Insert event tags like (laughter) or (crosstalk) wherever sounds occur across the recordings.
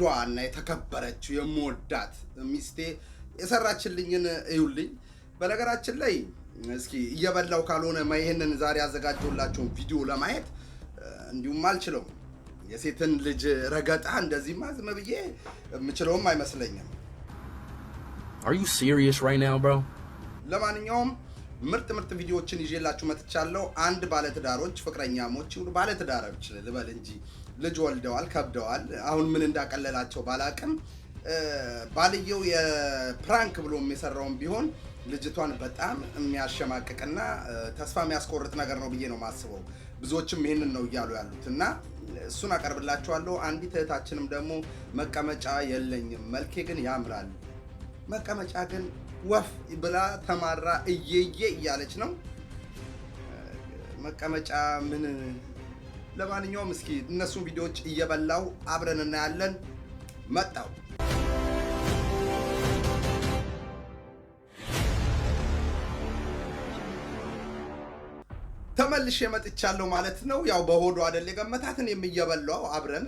ውዷ የተከበረችው የምወዳት ሚስቴ የሰራችልኝን እዩልኝ። በነገራችን ላይ እስኪ እየበላው ካልሆነ ይህንን ዛሬ ያዘጋጀሁላቸውን ቪዲዮ ለማየት እንዲሁም አልችለው የሴትን ልጅ ረገጣ እንደዚህማ ዝም ብዬ የምችለውም አይመስለኝም። Are you serious right now, bro? ለማንኛውም ምርጥ ምርጥ ቪዲዮዎችን ይዤላችሁ መጥቻለሁ። አንድ ባለትዳሮች ፍቅረኛሞች ይሁኑ ባለትዳሮች ልበል እንጂ ልጅ ወልደዋል፣ ከብደዋል። አሁን ምን እንዳቀለላቸው ባላቅም ባልየው የፕራንክ ብሎ የሚሰራውን ቢሆን ልጅቷን በጣም የሚያሸማቅቅና ተስፋ የሚያስቆርጥ ነገር ነው ብዬ ነው የማስበው። ብዙዎችም ይህንን ነው እያሉ ያሉት እና እሱን አቀርብላችኋለሁ። አንዲት እህታችንም ደግሞ መቀመጫ የለኝም መልኬ ግን ያምራል መቀመጫ ግን ወፍ ብላ ተማራ እየየ እያለች ነው መቀመጫ ምን ለማንኛውም እስኪ እነሱን ቪዲዮዎች እየበላው አብረን እናያለን። መጣው ተመልሼ መጥቻለሁ ማለት ነው። ያው በሆዶ አደል የገመታትን የሚየበላው አብረን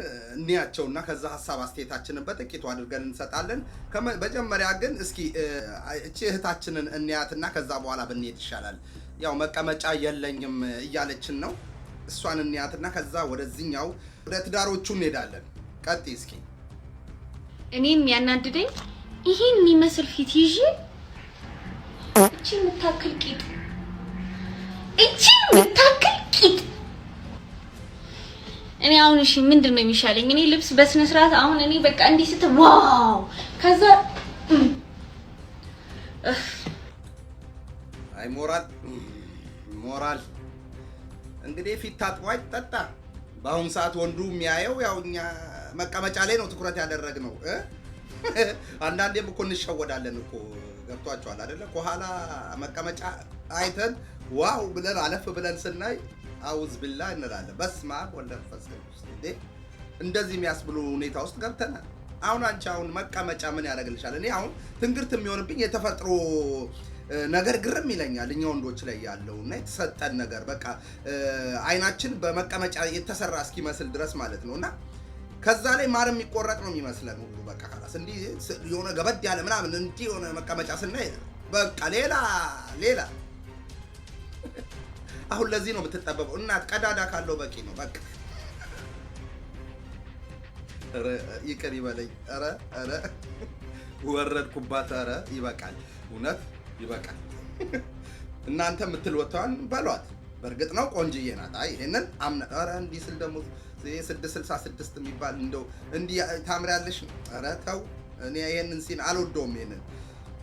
እና ከዛ ሀሳብ አስተያየታችንን በጥቂቱ አድርገን እንሰጣለን። መጀመሪያ ግን እስኪ እቺ እህታችንን እንያትና ከዛ በኋላ ብንሄድ ይሻላል። ያው መቀመጫ የለኝም እያለችን ነው እሷን እንያትና ከዛ ወደዚኛው ወደ ትዳሮቹ እንሄዳለን። ቀጥ እስኪ እኔ የሚያናድደኝ ይሄን የሚመስል ፊት ይዤ እቺ የምታክል ቂጥ እቺ የምታክል ቂጥ እኔ አሁን እሺ ምንድን ነው የሚሻለኝ? እኔ ልብስ በስነ ስርዓት አሁን እኔ በቃ እንዲህ ስት ዋው፣ ከዛ አይ ሞራል ሞራል እንግዲህ ፊት ታጥቦ አይጠጣ። በአሁኑ ሰዓት ወንዱ የሚያየው ያው እኛ መቀመጫ ላይ ነው ትኩረት ያደረግነው። አንዳንዴም እኮ እንሸወዳለን እኮ ገብቷቸዋል አደለ? ከኋላ መቀመጫ አይተን ዋው ብለን አለፍ ብለን ስናይ አውዝ ብላ እንላለን። በስመ አብ ወወልድ ወመንፈስ ቅዱስ። እንዴ እንደዚህ የሚያስብሉ ሁኔታ ውስጥ ገብተናል። አሁን አንቺ አሁን መቀመጫ ምን ያደርግልሻል? እኔ አሁን ትንግርት የሚሆንብኝ የተፈጥሮ ነገር ግርም ይለኛል እኛ ወንዶች ላይ ያለው እና የተሰጠን ነገር በቃ አይናችን በመቀመጫ የተሰራ እስኪመስል ድረስ ማለት ነው እና ከዛ ላይ ማር የሚቆረጥ ነው የሚመስለን ሁሉ በቃ ካላስ እንዲህ የሆነ ገበድ ያለ ምናምን እንዲህ የሆነ መቀመጫ ስናይ በቃ ሌላ ሌላ (laughs) አሁን ለዚህ ነው የምትጠበበው እናት ቀዳዳ ካለው በቂ ነው በቃ ይቅር ይበለኝ ኧረ ኧረ ወረድኩባት ኧረ ይበቃል እውነት ይበቃል። (laughs) እናንተ የምትልወተዋን በሏት። በእርግጥ ነው ቆንጅዬ ናት። አይ ይሄንን አምነ ኧረ እንዲህ ስል ደግሞ ስድስት ስልሳ ስድስት የሚባል እንደው እንዲህ ታምሪያለሽ። ኧረ ተው፣ እኔ ይሄንን ሲን አልወደውም። ይሄንን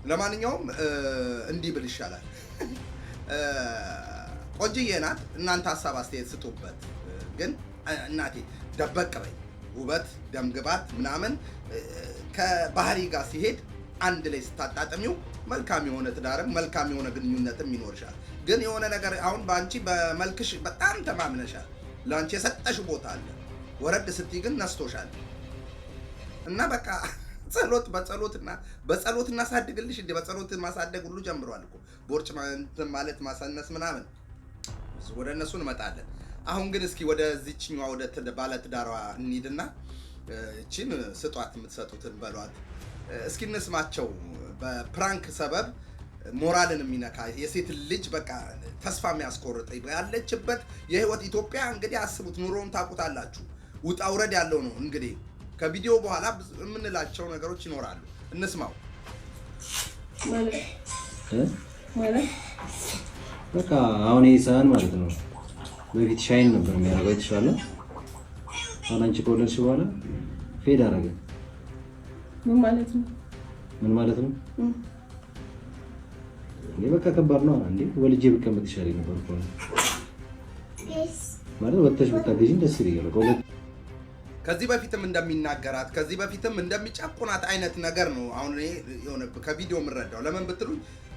ለማንኛውም እንዲህ ብል ይሻላል። ቆንጅዬ ናት። እናንተ ሀሳብ አስተያየት ስጡበት። ግን እናቴ ደበቅ በይ ውበት ደምግባት ምናምን ከባህሪ ጋር ሲሄድ አንድ ላይ ስታጣጥሚው መልካም የሆነ ትዳርም መልካም የሆነ ግንኙነትም ይኖርሻል። ግን የሆነ ነገር አሁን በአንቺ በመልክሽ በጣም ተማምነሻል። ለአንቺ የሰጠሽ ቦታ አለ። ወረድ ስትይ ግን ነስቶሻል። እና በቃ (laughs) ጸሎት በጸሎትና በጸሎት እናሳድግልሽ እንደ በጸሎት ማሳደግ ሁሉ ጀምሯል እኮ ቦርጭ ማለት ማሳነስ ምናምን፣ ወደ እነሱ እንመጣለን። አሁን ግን እስኪ ወደ ዚችኛዋ ወደ ባለትዳሯ እንሂድና እቺን ስጧት፣ የምትሰጡትን በሏት። እስኪ እንስማቸው። በፕራንክ ሰበብ ሞራልን የሚነካ የሴት ልጅ በቃ ተስፋ የሚያስቆርጥ ያለችበት የህይወት ኢትዮጵያ እንግዲህ አስቡት። ኑሮውን ታውቁታላችሁ። ውጣ ውረድ ያለው ነው እንግዲህ ከቪዲዮ በኋላ የምንላቸው ነገሮች ይኖራሉ። እንስማው። በቃ አሁን ይህ ሰህን ማለት ነው በፊት ሻይን ነበር የሚያረጋ የተሻለ አሁን አንቺ ከወለድሽ በኋላ ፌድ አረገን ምን ማለት ነው? ምን ማለት ነው? እኔ በቃ ከባድ ነው አንዴ ወልጄ ብቀመጥ ይሻለኝ ነበር እኮ ማለት ወጥተሽ ብታገዥኝ ደስ ይለኛል። ከዚህ በፊትም እንደሚናገራት ከዚህ በፊትም እንደሚጨቁናት አይነት ነገር ነው። አሁን እኔ የሆነ ከቪዲዮ የምረዳው ለምን ብትሉ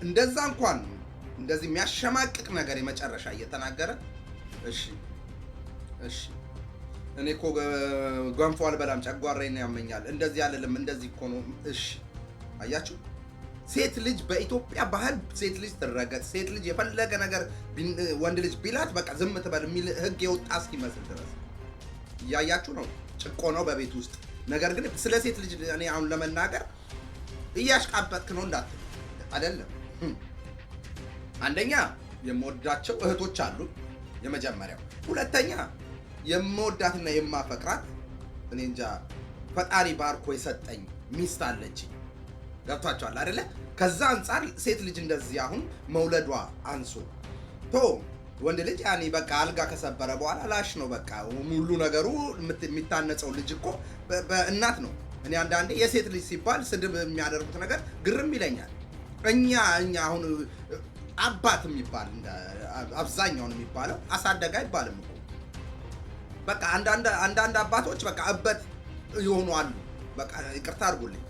እንደዛ እንኳን እንደዚህ የሚያሸማቅቅ ነገር የመጨረሻ እየተናገረ እሺ፣ እሺ እኔ እኮ ገንፎ አልበላም ጨጓራዬን ያመኛል፣ እንደዚህ አልልም፣ እንደዚህ እኮ ነው። እሺ አያችሁ፣ ሴት ልጅ በኢትዮጵያ ባህል ሴት ልጅ ትረገጥ፣ ሴት ልጅ የፈለገ ነገር ወንድ ልጅ ቢላት በቃ ዝም ትበል የሚል ህግ የወጣ እስኪመስል ድረስ እያያችሁ ነው። ጭቆ ነው በቤት ውስጥ ነገር ግን ስለ ሴት ልጅ እኔ አሁን ለመናገር እያሽቃበጥክ ነው እንዳት አይደለም። አንደኛ የምወዳቸው እህቶች አሉ፣ የመጀመሪያው። ሁለተኛ የምወዳትና የማፈቅራት እኔ እንጃ ፈጣሪ ባርኮ የሰጠኝ ሚስት አለች። ገብቷቸዋል አደለ? ከዛ አንጻር ሴት ልጅ እንደዚህ አሁን መውለዷ አንሶ ቶ ወንድ ልጅ ያኔ በቃ አልጋ ከሰበረ በኋላ ላሽ ነው በቃ ሙሉ ነገሩ። የሚታነጸው ልጅ እኮ በእናት ነው። እኔ አንዳንዴ የሴት ልጅ ሲባል ስድብ የሚያደርጉት ነገር ግርም ይለኛል። እኛ እኛ አሁን አባት የሚባል አብዛኛውን የሚባለው አሳደጋ አይባልም። በቃ አንዳንድ አባቶች በቃ እበት የሆኑ አሉ። በቃ ይቅርታ አድርጉልኝ።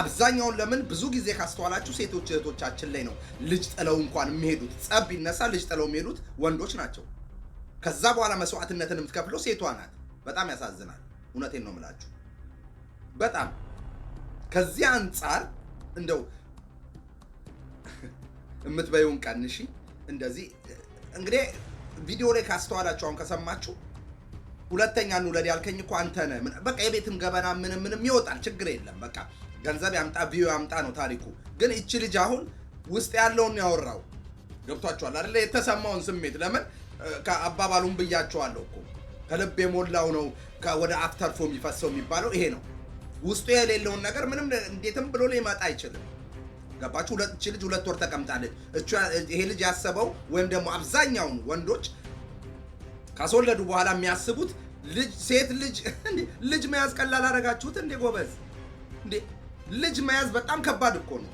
አብዛኛውን ለምን ብዙ ጊዜ ካስተዋላችሁ ሴቶች እህቶቻችን ላይ ነው ልጅ ጥለው እንኳን የሚሄዱት። ጸብ ይነሳ ልጅ ጥለው የሚሄዱት ወንዶች ናቸው። ከዛ በኋላ መስዋዕትነትን የምትከፍለው ሴቷ ናት። በጣም ያሳዝናል። እውነቴን ነው የምላችሁ። በጣም ከዚህ አንጻር እንደው የምትበይውን ቀንሺ። እንደዚህ እንግዲህ ቪዲዮ ላይ ካስተዋላችሁ አሁን ከሰማችሁ ሁለተኛ እንውለድ ያልከኝ እኮ አንተ ነህ። በቃ የቤትም ገበና ምንም ምንም ይወጣል፣ ችግር የለም። በቃ ገንዘብ ያምጣ ቪዮ ያምጣ ነው ታሪኩ። ግን እቺ ልጅ አሁን ውስጥ ያለውን ያወራው ገብቷችኋል አይደለ? የተሰማውን ስሜት ለምን ከአባባሉን ብያችኋለሁ እኮ ከልብ የሞላው ነው ወደ አፍ ተርፎ የሚፈሰው የሚባለው ይሄ ነው። ውስጡ የሌለውን ነገር ምንም እንዴትም ብሎ ሊመጣ አይችልም። ገባችሁ? እቺ ልጅ ሁለት ወር ተቀምጣለች። ይሄ ልጅ ያሰበው ወይም ደግሞ አብዛኛውን ወንዶች ካስወለዱ በኋላ የሚያስቡት ሴት ልጅ (laughs) ልጅ መያዝ ቀላል አደረጋችሁት እንዴ? ጎበዝ እንዴ! ልጅ መያዝ በጣም ከባድ እኮ ነው።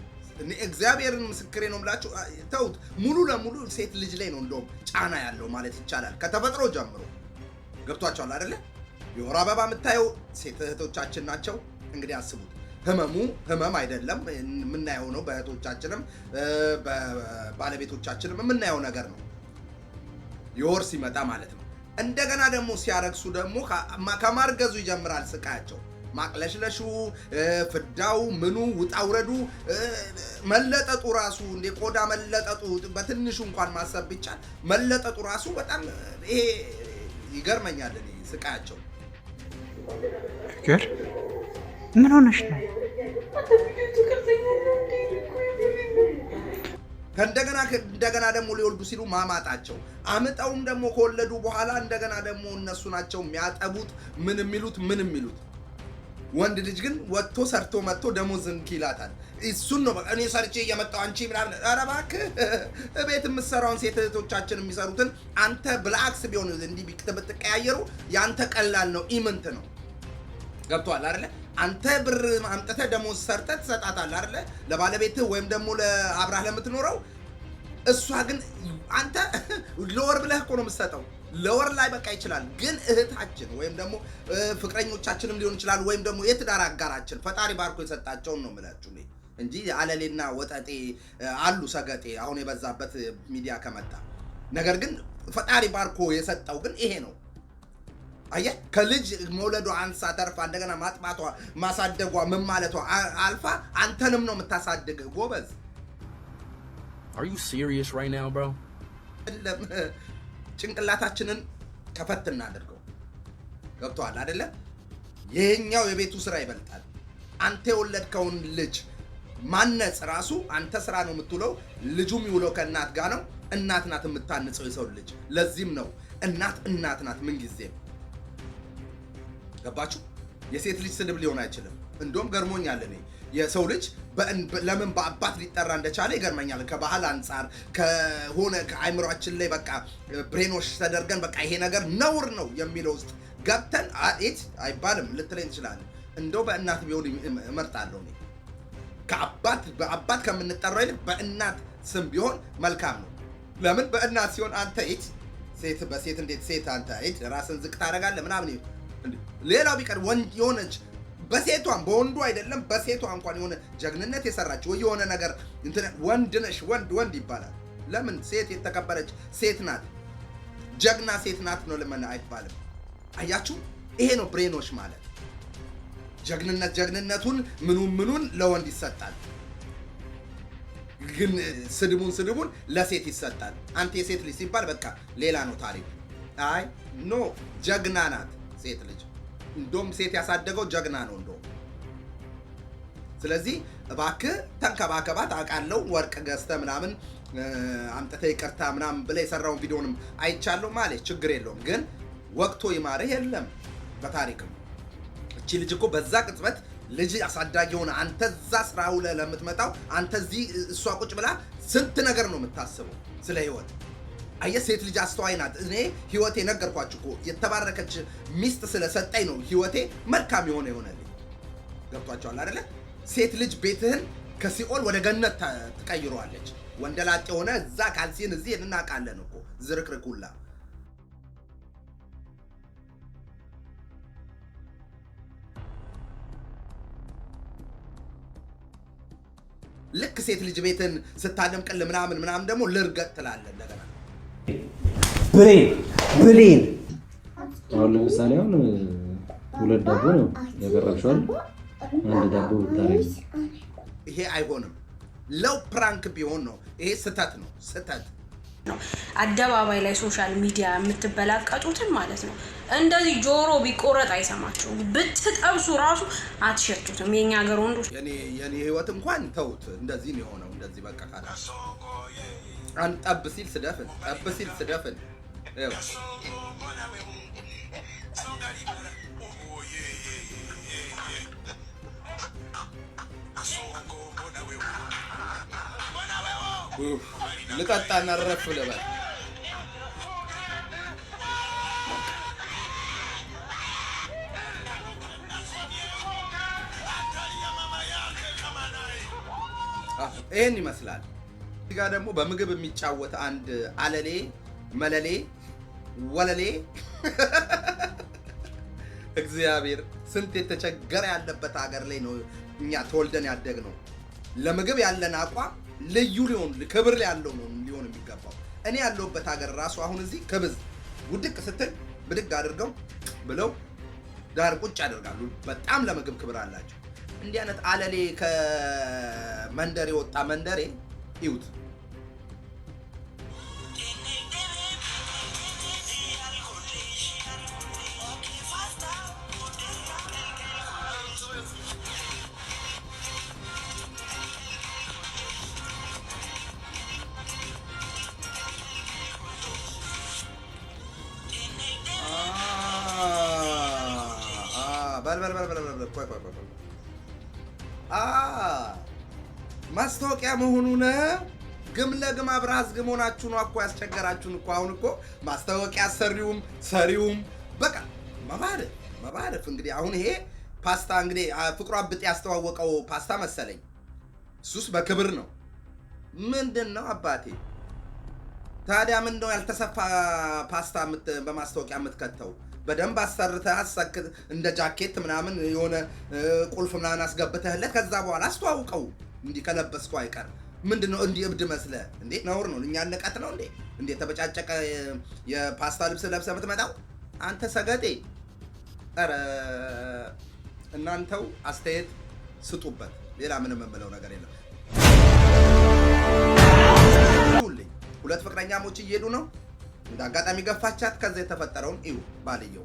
እግዚአብሔርን ምስክሬ ነው የምላችሁ። ተውት፣ ሙሉ ለሙሉ ሴት ልጅ ላይ ነው እንደውም ጫና ያለው ማለት ይቻላል ከተፈጥሮ ጀምሮ። ገብቷቸዋል አደለ የወር አበባ የምታየው ሴት እህቶቻችን ናቸው። እንግዲህ አስቡት ህመሙ ህመም አይደለም የምናየው ነው። በእህቶቻችንም በባለቤቶቻችንም የምናየው ነገር ነው፣ የወር ሲመጣ ማለት ነው። እንደገና ደግሞ ሲያረግሱ ደግሞ ከማርገዙ ይጀምራል ስቃያቸው። ማቅለሽለሹ፣ ፍዳው፣ ምኑ ውጣውረዱ፣ መለጠጡ ራሱ እንደ ቆዳ መለጠጡ በትንሹ እንኳን ማሰብ ቢቻል መለጠጡ ራሱ በጣም ይሄ ይገርመኛል። ስቃያቸው ፍቅር ምን ሆነሽ ነው? ከእንደገና እንደገና ደግሞ ሊወልዱ ሲሉ ማማጣቸው አምጠውም ደግሞ ከወለዱ በኋላ እንደገና ደግሞ እነሱ ናቸው የሚያጠቡት ምን የሚሉት ምን የሚሉት። ወንድ ልጅ ግን ወጥቶ ሰርቶ መጥቶ ደሞዝ እንኪ ይላታል። እሱን ነው እኔ ሰርቼ እየመጣሁ አንቺ ምናምን። ኧረ እባክህ (laughs) እቤት የምትሰራውን ሴት እህቶቻችን የሚሰሩትን አንተ ብላክስ ቢሆን እንዲህ ብትቀያየሩ ያንተ ቀላል ነው ኢምንት ነው ገብቶሃል አይደለ? አንተ ብር አምጥተህ ደሞዝ ሰርተህ ትሰጣታለህ አይደለ? ለባለቤትህ ወይም ደግሞ ለአብራህ ለምትኖረው። እሷ ግን አንተ (laughs) ለወር ብለህ እኮ ነው የምትሰጠው። ለወር ላይ በቃ ይችላል። ግን እህታችን ወይም ደግሞ ፍቅረኞቻችንም ሊሆን ይችላል፣ ወይም ደግሞ የትዳር አጋራችን ፈጣሪ ባርኮ የሰጣቸውን ነው የምላችሁ እንጂ አለሌና ወጠጤ አሉ ሰገጤ አሁን የበዛበት ሚዲያ ከመጣ ነገር ግን ፈጣሪ ባርኮ የሰጠው ግን ይሄ ነው። አየህ ከልጅ መውለዷ አንሳ ተርፋ እንደገና ማጥባቷ ማሳደጓ ምን ማለቷ አልፋ አንተንም ነው የምታሳድግ። ጎበዝ ዩ ጭንቅላታችንን ከፈት እናደርገው። ገብቶሃል አይደለ? ይህኛው የቤቱ ስራ ይበልጣል። አንተ የወለድከውን ልጅ ማነጽ ራሱ አንተ ስራ ነው የምትውለው። ልጁም ይውለው ከእናት ጋር ነው። እናት ናት የምታንጸው የሰው ልጅ። ለዚህም ነው እናት እናት ናት ምንጊዜም ገባችሁ? የሴት ልጅ ስድብ ሊሆን አይችልም። እንዲሁም ገርሞኛል እኔ የሰው ልጅ ለምን በአባት ሊጠራ እንደቻለ ይገርመኛል። ከባህል አንጻር ከሆነ ከአይምሯችን ላይ በቃ ብሬኖች ተደርገን በቃ ይሄ ነገር ነውር ነው የሚለው ውስጥ ገብተን አት አይባልም ልትለኝ ትችላለህ። እንደው በእናት ቢሆን እመርጣለሁ ከአባት በአባት ከምንጠራው ይልቅ በእናት ስም ቢሆን መልካም ነው። ለምን በእናት ሲሆን አንተ ሴት በሴት እንዴት ሴት አንተ ራስን ዝቅ ታደርጋለህ ምናምን ሌላው ቢቀር የሆነች በሴቷን በወንዱ አይደለም በሴቷ እንኳን የሆነ ጀግንነት የሰራች ወይ የሆነ ነገር ወንድ ነሽ ወንድ ወንድ ይባላል። ለምን ሴት የተከበረች ሴት ናት፣ ጀግና ሴት ናት ነው ልመና አይባልም። አያችሁ፣ ይሄ ነው ብሬኖች ማለት ጀግንነት ጀግንነቱን ምኑን ምኑን ለወንድ ይሰጣል፣ ግን ስድቡን ስድቡን ለሴት ይሰጣል። አንተ የሴት ልጅ ሲባል በቃ ሌላ ነው ታሪኩ። አይ ኖ ጀግና ናት ሴት ልጅ እንደውም ሴት ያሳደገው ጀግና ነው እንደውም። ስለዚህ እባክህ ተንከባከባት። አውቃለሁ ወርቅ ገዝተህ ምናምን አምጥተህ ይቅርታ ምናምን ብለህ የሰራውን ቪዲዮንም አይቻለሁ ማለት ችግር የለውም ግን ወቅቶ ይማርህ የለም በታሪክም እቺ ልጅ እኮ በዛ ቅጽበት ልጅ አሳዳጊ ሆነ አንተ እዛ ስራ ውለህ ለምትመጣው አንተ እዚህ እሷ ቁጭ ብላ ስንት ነገር ነው የምታስበው ስለ ህይወት አየ ሴት ልጅ አስተዋይ ናት። እኔ ህይወቴ ነገርኳችሁ እኮ የተባረከች ሚስት ስለሰጠኝ ነው ህይወቴ መልካም የሆነ የሆነልኝ። ገብቷቸዋል አይደለ? ሴት ልጅ ቤትህን ከሲኦል ወደ ገነት ትቀይረዋለች። ወንደላጤ የሆነ እዛ ካልሲን እዚህ እንናቃለን እኮ ዝርክርኩላ ልክ ሴት ልጅ ቤትን ስታደምቅል ምናምን ምናምን ደግሞ ልርገጥ ትላለ እንደገና ብሬን ብሌን አሁን ለምሳሌ አሁን ሁለት ዳቦ ነው ያቀረብሽዋል። አንድ ዳቦ ብታረጊ ይሄ አይሆንም። ለው ፕራንክ ቢሆን ነው። ይሄ ስህተት ነው፣ ስህተት አደባባይ ላይ ሶሻል ሚዲያ የምትበላቀጡትን ማለት ነው። እንደዚህ ጆሮ ቢቆረጥ አይሰማቸው ብትጠብሱ ራሱ አትሸቱትም። የኛ ሀገር ወንዶች የኔ ህይወት እንኳን ተውት፣ እንደዚህ ነው የሆነው። እንደዚህ በቃ ካላ Un abusif de défense, un abusif de défense. Eh oui, le Ah, et ni እዚህ ጋር ደግሞ በምግብ የሚጫወት አንድ አለሌ መለሌ ወለሌ (laughs) እግዚአብሔር ስንት የተቸገረ ያለበት ሀገር ላይ ነው እኛ ተወልደን ያደግ ነው። ለምግብ ያለን አቋም ልዩ ሊሆን ክብር ያለው ነው ሊሆን የሚገባው። እኔ ያለሁበት ሀገር ራሱ አሁን እዚህ ክብዝ ውድቅ ስትል ብድግ አድርገው ብለው ዳር ቁጭ ያደርጋሉ። በጣም ለምግብ ክብር አላቸው። እንዲህ አይነት አለሌ ከመንደሬ ወጣ መንደሬ ይዩት። በል በል በል ቆይ ቆይ ቆይ አ ማስታወቂያ መሆኑ ነው። ግም ለግም አብራ አዝግም ሆናችሁ ነው እኮ ያስቸገራችሁን እኮ። አሁን እኮ ማስታወቂያ ሰሪውም ሰሪውም በቃ መባረፍ መባረፍ። እንግዲህ አሁን ይሄ ፓስታ እንግዲህ ፍቅሩ አብጤ ያስተዋወቀው ፓስታ መሰለኝ። እሱስ በክብር ነው። ምንድን ነው አባቴ ታዲያ ምን ነው ያልተሰፋ ፓስታ በማስታወቂያ የምትከተው? በደንብ አሰርተህ አሳክተህ እንደ ጃኬት ምናምን የሆነ ቁልፍ ምናምን አስገብተህለት ከዛ በኋላ አስተዋውቀው። እንዲህ ከለበስከው አይቀር ምንድን ነው እንዲህ እብድ መስለ እንዴ? ነውር ነው። እኛ ንቀት ነው እንዴ? እንዴ ተበጫጨቀ የፓስታ ልብስ ለብሰ የምትመጣው አንተ ሰገጤ። ኧረ እናንተው አስተያየት ስጡበት። ሌላ ምንም የምለው ነገር የለም። ሁለት ፍቅረኛሞች እየሄዱ ነው አጋጣሚ ገፋቻት። ከዛ የተፈጠረውን እዩ ባልየው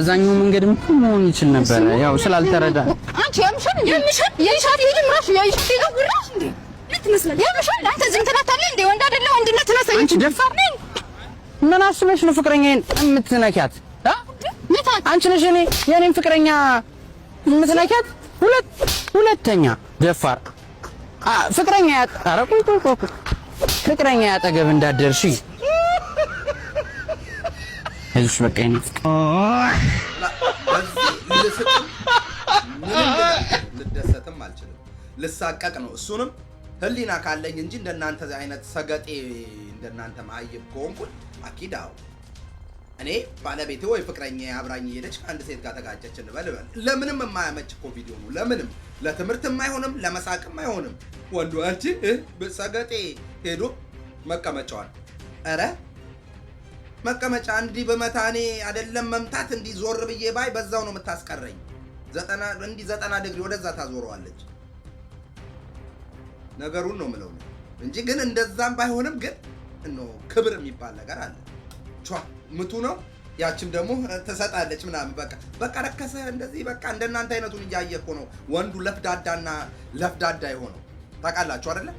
አብዛኛው መንገድም መሆን ይችል ነበር፣ ያው ስላልተረዳ አንቺ ያምሻል እንዴ ያምሻል ያምሻል ይድምራሽ ያይሽ ይጋውራሽ እንዴ ልትመስል ያምሻል። አንተ ዝም ትላታለህ እንዴ? ወንድ አይደለ ወንድነት ትነሳኝ። አንቺ ደፋር ነኝ። ምን አስበሽ ነው ፍቅረኛዬን የምትነኪያት? አንቺ ነሽ እኔ የኔን ፍቅረኛ የምትነኪያት? ሁለት ሁለተኛ ደፋር ፍቅረኛ ያጠገብ እንዳደርሽ እዚህ በቃ ልደሰትም አልችልም። ልሳቀቅ ነው። እሱንም ህሊና ካለኝ እንጂ እንደናንተ አይነት ሰገጤ እንደናንተ ማይብ ከሆንኩኝ አኪዳው እኔ ባለቤቴ ወይ ፍቅረኛ አብራኝ እየሄደች ከአንድ ሴት ጋር ተጋጨች እንበል በል። ለምንም የማያመች እኮ ቪዲዮ ነው። ለምንም ለትምህርትም አይሆንም፣ ለመሳቅም አይሆንም። ወንዱ አንቺ ሰገጤ ሄዶ መቀመጫዋል። ኧረ መቀመጫ እንዲህ በመታኔ አይደለም መምታት እንዲህ ዞር ብዬ ባይ በዛው ነው የምታስቀረኝ። እንዲህ ዘጠና ድግሪ ወደዛ ታዞረዋለች። ነገሩን ነው ምለው እንጂ ግን እንደዛም ባይሆንም ግን እኖ ክብር የሚባል ነገር አለ። ምቱ ነው ያችም ደግሞ ትሰጣለች ምናምን በቃ በቃ ረከሰ እንደዚህ በቃ እንደናንተ አይነቱን እያየ እኮ ነው ወንዱ ለፍዳዳና ለፍዳዳ የሆነው ታውቃላችሁ አይደለ?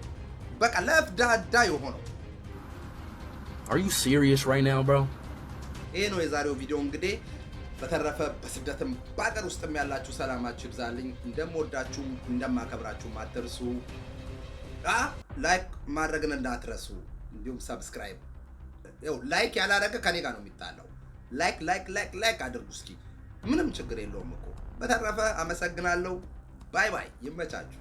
በቃ ለፍዳዳ የሆነው Are you serious right now, bro? ይህ ነው የዛሬው ቪዲዮ እንግዲህ በተረፈ በስደትም በአገር ውስጥም ያላችሁ ሰላማችሁ ይብዛልኝ። እንደምወዳችሁ እንደማከብራችሁም አትርሱ። ላይክ ማድረግን እንዳትረሱ፣ እንዲሁም ሰብስክራይብ። ያው ላይክ ያላረገ ከኔ ጋር ነው የሚጣለው። ላይክ ላይክ ላይክ ላይክ አድርጉ እስኪ፣ ምንም ችግር የለውም እኮ። በተረፈ አመሰግናለሁ። ባይ ባይ። ይመቻችሁ።